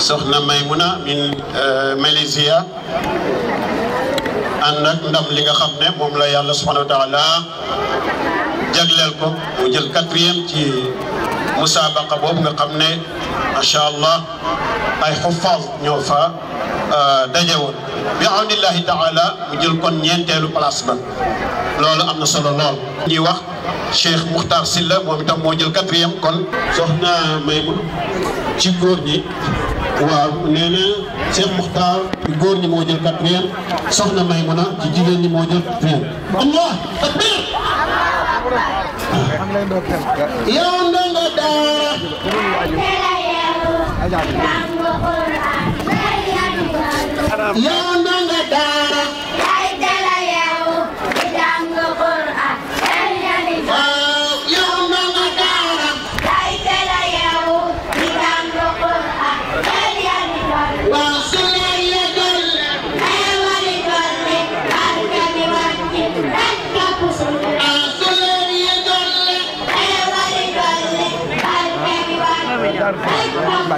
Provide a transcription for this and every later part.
soxna Maymuna min euh, Malaysia ànd ak ndam li nga xam ne moom la yàlla subhanahu wa taala jagleel ko mu jël quatrième ci musaabaqa boobu nga xam ne macha allah ay xufaas ñoo fa euh, daje woon bi awnillahi taala mu jël kon ñeenteelu place ba loolu am na solo lool ñuy wax Cheikh Mukhtar Silla moom itam moo jël quatrième kon soxna Maymun ci góor waaw nee na Cheikh Muxtaar ci góor ñi moo jël quatrième soxna Maymuna ci jigéen ñi moo jël quatrième Allah akbar yow ndongo daara yow ndongo daara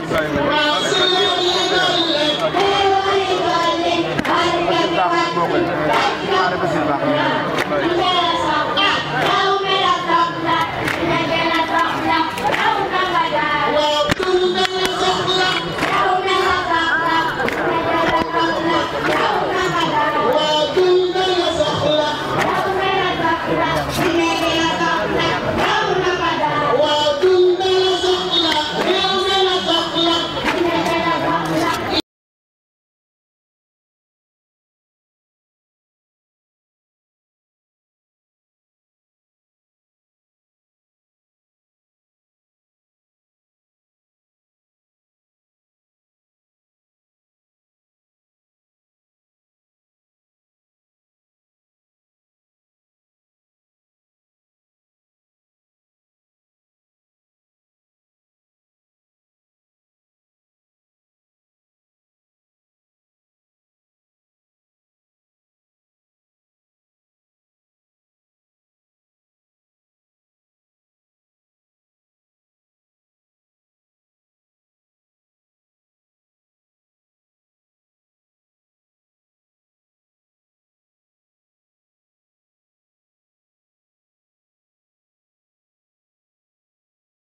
Mbàkke moo koy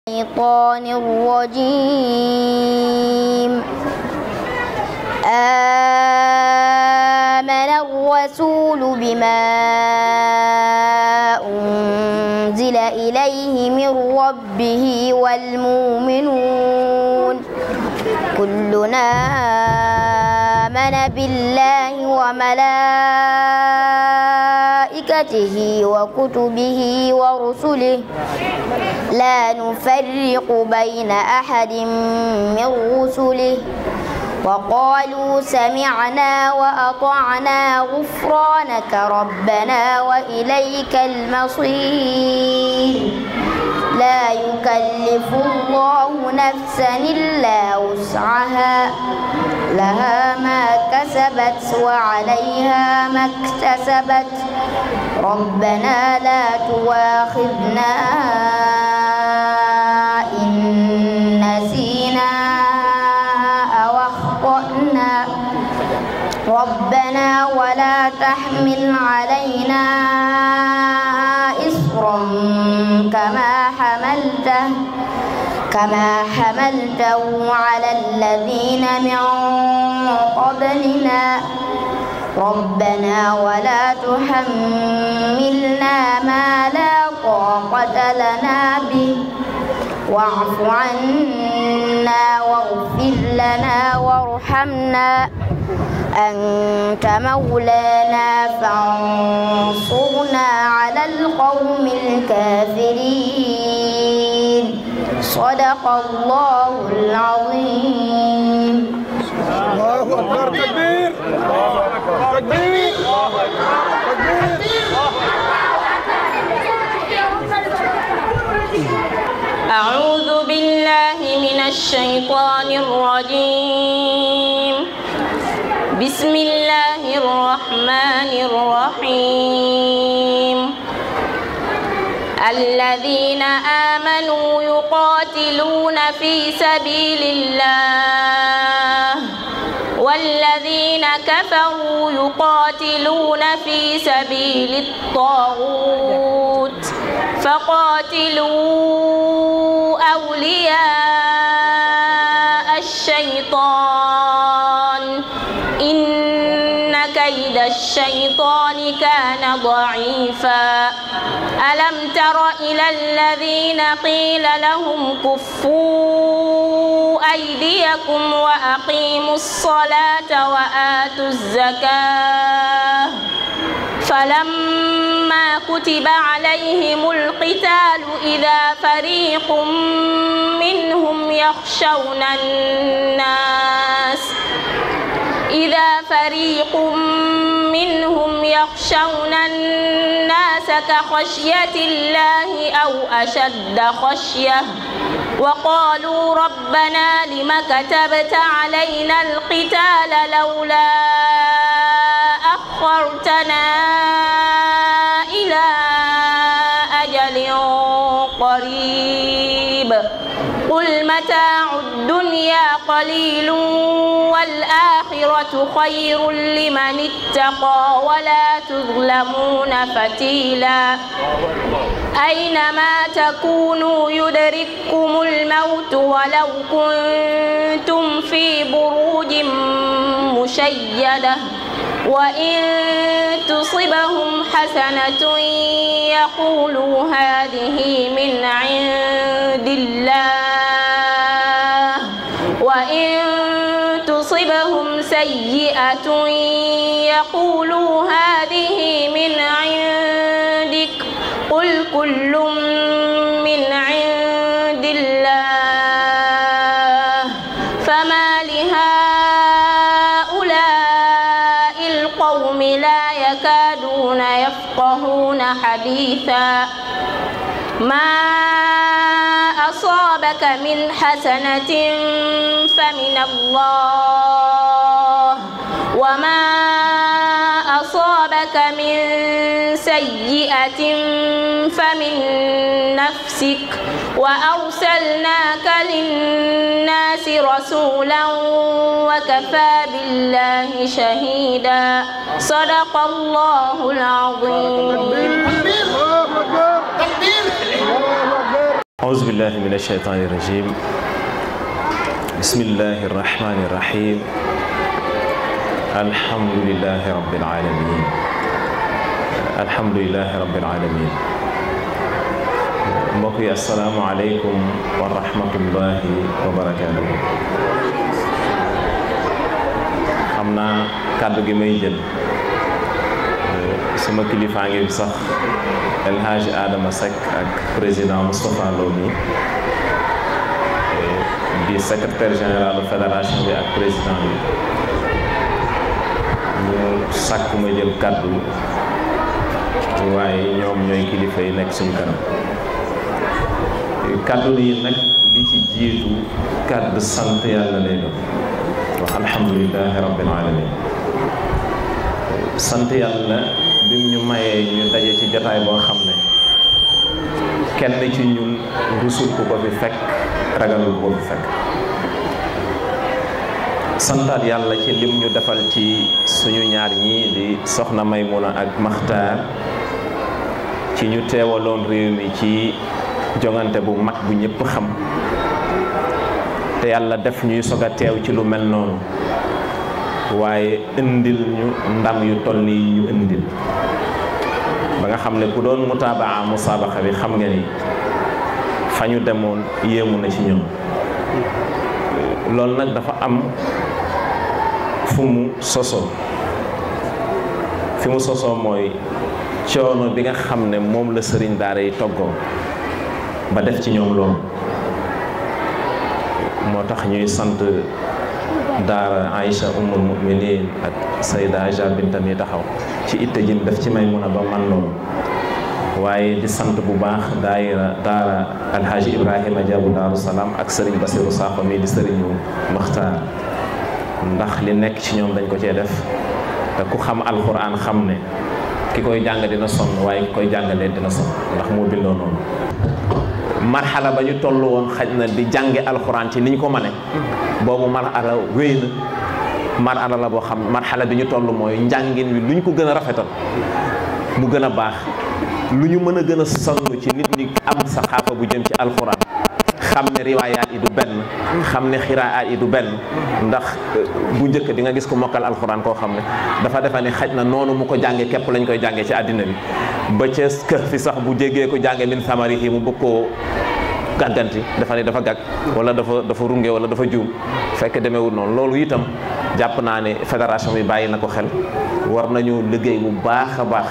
الشيطان الرجيم آمن الرسول بما أنزل إليه من ربه والمؤمنون كلنا آمن بالله وملائكته آياته وكتبه ورسله لا نفرق بين أحد من رسله وقالوا سمعنا وأطعنا غفرانك ربنا وإليك المصير لا يكلف الله نفسا إلا وسعها لها ما كسبت وعليها ما اكتسبت ربنا لا تواخذنا إن نسينا أو أخطأنا ربنا ولا تحمل علينا إصرا كما كما حملته على الذين من قبلنا ربنا ولا تحملنا ما لا طاقة لنا به واعف عنا واغفر لنا وارحمنا أنت مولانا فانصرنا على القوم الكافرين صدق الله العظيم الله أكبر تكبير تكبير أعوذ بالله من الشيطان الرجيم بسم الله الرحمن الرحيم الذين آمنوا يقاتلون في سبيل الله والذين كفروا يقاتلون في سبيل الطاغوت فقاتلوا أولياء الشيطان إن كيد الشيطان كان ضعيفاً ألم تر إلى الذين قيل لهم كفوا أيديكم وأقيموا الصلاة وآتوا الزكاة فلما كتب عليهم القتال إذا فريق منهم يخشون الناس إذا فريق منهم منهم يخشون الناس كخشية الله أو أشد خشية وقالوا ربنا لم كتبت علينا القتال لولا أخرتنا إلى أجل قريب قل متاع الدنيا قليل والآخرة خير لمن اتقى ولا تظلمون فتيلا أينما تكونوا يدرككم الموت ولو كنتم في بروج مشيده وإن تصبهم حسنة يقولوا هذه من عند الله وإن تصبهم سيئة يقولوا هذه من عندك قل كل من عندك حديثا ما أصابك من حسنة فمن الله وما أصابك من سيئة فمن نفسك وأرسلناك للناس رسولا وكفى بالله شهيدا صدق الله العظيم أعوذ بالله من الشيطان الرجيم بسم الله الرحمن الرحيم الحمد لله رب العالمين الحمد لله رب العالمين بقي السلام عليكم ورحمة الله وبركاته أمنا كادو جميل سما كلي فانجي بصخ الهاج آدم سك أك بريزيدان مصطفى لومي دي سكرتير جنرال الفدراسيون دي أك بريزيدان سكو مجل كادو waaye ñoom ñooy kilifa yi nekk suñu kanam kaddu yi nag li ci jiitu kaddu sant yàlla lay doon wax alhamdulilahi rabbil alamin sant yàlla bim ñu mayee ñu daje ci jotaay boo xam ne kenn ci ñun rusul ku ko fi fekk ragalul ko fi fek santaat yàlla ci lim ñu defal ci suñu ñaar ñi di soxna maymuna ak maxtaar ci ñu teewaloon réew mi ci jongante bu mag bu ñépp xam te yàlla def ñuy sog a teew ci lu mel noonu waaye indil ñu ndam yu toll nii ñu indil ba nga xam ne ku doon mutaabaa musaabaqa bi xam nga ni fa ñu demoon yéemu na ci ñoom loolu nag dafa am fu mu sosoo fi mu sosoo mooy coono bi nga xam ne moom la sëriñ daara yi toggoo ba def ci ñoom loolu moo tax ñuy sant daara Aïcha ummul muminin ak Sayda Aja bintam yi taxaw ci itte jin def ci may muna ba man loolu waaye di sant bu baax daayira daara alxaaji ibrahima jabu daaru salaam ak sëriñ basiru saaxo mii di sëriñu maxtaar ndax li nekk ci ñoom dañ ko cee def te ku xam alquran xam ne ki koy jàng dina sonn waaye ki koy jàngalee dina sonn ndax moo bindoo noonu marxala ba ñu toll woon xaj na di jànge alxuraan ci niñ ko mane boobu marxala wéy na marxala la boo xam marxala bi ñu toll mooy njàngin wi luñ ko gën a rafetal mu gën a baax lu ñu mën a gën a sonn ci nit ñi am saxaafa bu jëm ci alxuraan xam ne riwaayaat yi du benn xam ne xiraayaat yi du benn ndax bu njëkk di nga gis ko mokkal alxuraan koo xam ne dafa defa ne xaj na noonu mu ko jànge képp lañ koy jànge ci àddina bi ba ca kër fi sax bu jégee ko jànge min samari yi mu bëgg koo gàgganti dafa dafa gàgg wala dafa dafa runge wala dafa juum fekk demeewul noonu loolu itam jàpp naa ne fédération bi bàyyi na ko xel war nañu liggéey bu baax a baax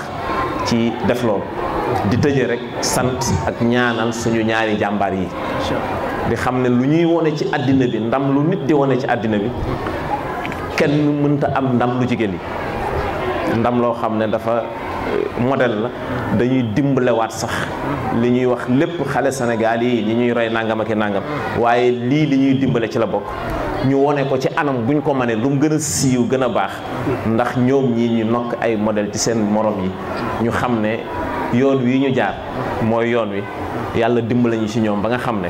ci def loolu di tëje rek sant ak ñaanal suñu ñaari jàmbaar yi di xam ne lu ñuy wone ci àddina bi ndam lu nit di wone ci àddina bi kenn mënta am ndam lu jigéen yi ndam loo xam ne dafa euh, model la dañuy dimbalewaat sax li ñuy wax lépp xale senegaal yi ñi ñuy rey nangam ak nangam waaye lii li ñuy dimbale ci la bokk ñu wone ko ci anam buñ ko manee lu gën a siiw gën a baax ndax ñoom ñii ñu nokk ay modèle ci seen morom yi ñu xam ne yoon wi ñu jaar mooy yoon wi yàlla dimb lañu ci ñoom ba nga xam ne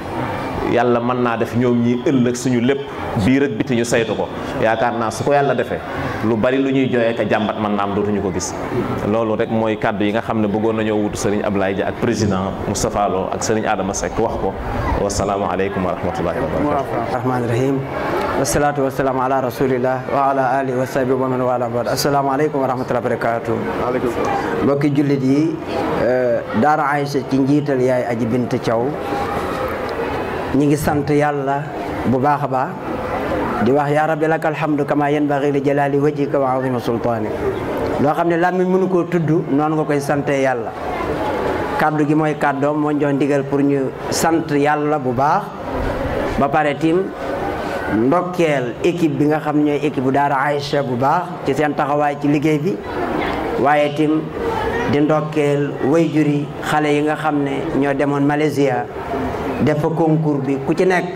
yàlla mën naa def ñoom ñi ëllëg suñu lépp biir ak biti ñu saytu ko yaakaar naa su ko yàlla defee lu bari lu ñuy jooyee ka jàmbat mën naa am dootuñu ko gis loolu rek mooy kàddu yi nga xam ne bëggoon nañoo wutu sëriñ Ablaye Dia ak président Moustapha Lo ak sëriñ Adama Seck wax ko wasalaamu aleykum wa rahmatullahi wa barakatuh rahmaani rahim wasalaatu wasalaamu ala rasulillah wa ala alihi wa sahbihi wa man wala baad asalaamu aleykum wa rahmatullahi wa jullit yi eh, daara Aïcha ci njiital yaay aji bint Thiaw ñi ngi sant yàlla bu baax a baax di wax yaa rabbi laka alhamdu kama yanbaghi li jalaali wajhika wa azimi sultaani loo xam ne làmmiñ mënu koo tudd noonu nga koy sante yàlla kàddu gi mooy kàddoom moo joon digal pour ñu sant yàlla bu baax ba pare tim ndokkeel équipe bi nga xam ñooy équipe bu daara Aïcha bu baax ci seen taxawaay ci liggéey bi waaye tim di ndokkeel wayjuri xale yi nga xam ne ñoo demoon Malaysia def fa concours bi ku ci nekk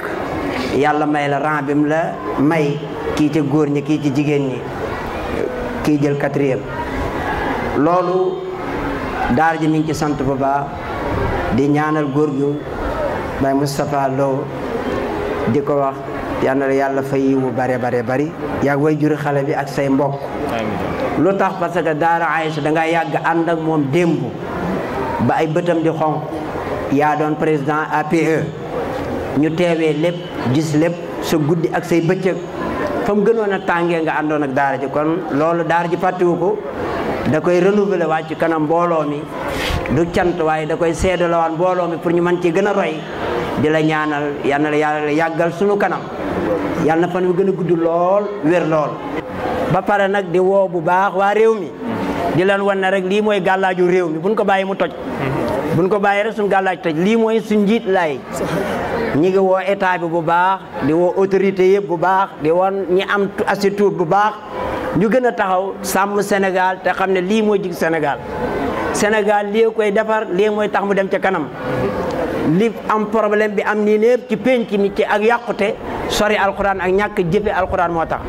yàlla may la rang bi mu la may kii ci góor ñi kii ci jigéen ñi kii jël quatrième loolu daara ji mi ngi ci sant bu baax di ñaanal góor gi bay Moustapha Lo di ko wax yal yàlla fa yiwu bare bare bari yàgg way juri xale bi ak say mbokk lu tax parce daar daara Aïcha da nga yàgg ànd ak moom démb ba ay bëtam di xonq yaa doon président APE ñu teewee lépp gis lépp sa guddi ak say bëccëg fa gënoon a tàngee nga àndoon ak daara ji kon loolu daara ji fàttiwu ko da koy renouveler waat ci kanam mbooloo mi du cant waaye da koy seedalawaan mbooloo mi pour ñu mën ci gën a roy di la ñaanal yal na la yàggal sunu kanam yal na fan wi gën a gudd lool wér lool ba pare di woo bu baax waa réew mi di leen wan ne rek lii mooy gàllaaju réew mi buñ ko bàyyi mu toj buñ ko bàyyi rek suñ gàllaaju toj lii mooy su njiit lay ñi ngi woo état bi bu baax di woo autorité yëpp bu baax di woon ñi am assez bu baax ñu gën a taxaw sàmm Sénégal te xam ne lii mooy jig Sénégal Sénégal lii koy defar lii mooy tax mu dem ca kanam li am problème bi am nii lépp ci penc mi ci ak yàqute sori alxuraan ak ñàkk jëfe alxuraan moo tax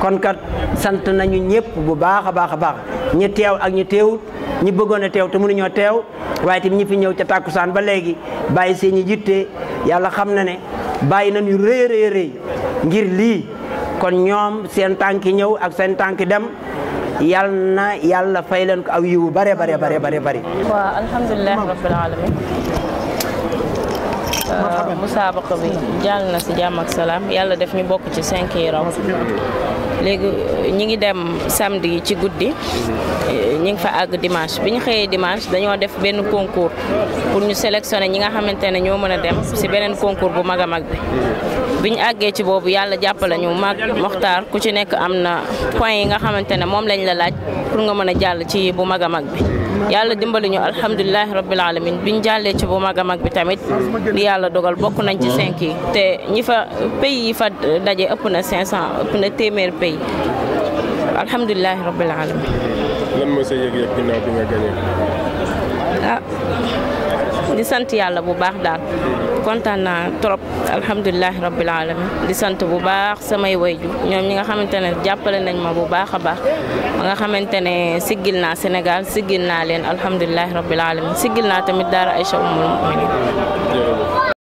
kon kat sant nañu ñëpp bu baax a baax a baax ñi teew ak ñi teewut ñi bëggoon a teew te mënuñoo teew waaye tamit ñi fi ñëw ca saan ba léegi bàyyi seen ñi jitte yàlla xam na ne bàyyi nañu rëy rëy rëy ngir lii kon ñoom seen tànki ñëw ak seen tànki dem yal na yàlla fay leen ko aw yiwu bare bare bare bare bare waaw alhamdulilah rabbil alamin salaam yàlla def ñu bokk ci cinq yi léegi euh, ñi ngi dem samedi ci guddi mhm. ñi ngi fa àgg dimanche bi ñu xëyee dimanche dañoo def benn concours pour ñu sélectionner ñi nga xamante ne ñoo mën a dem si beneen concours bu mag a mag bi mhm. biñ àggee ci boobu yàlla jàppale ñu mag moxtaar ku ci nekk am na point yi nga xamante ne moom lañ la laaj pour nga mën a jàll ci bu mag a mag bi yàlla dimbali ñu alhamdulilahi rabbil alamin biñ jàllee ci bu mag a mag bi tamit yàlla dogal bokk nañ ci cinq yi te ñi fa pays yi fa daje ëpp na cinq ëpp na téeméer pays alhamdulilahi rabbil alamin lan ah, di sant yàlla bu baax daal kontaan naa trop alhamdulilahi rabbil alamin di sant bu baax samay wayju ñoom ñi nga xamante ne jàppale nañ ma bu baax a baax ba nga xamante ne siggil naa Sénégal siggil naa leen alhamdulilahi rabbil alamin siggil naa tamit daara Aïcha Oumoul Mouminine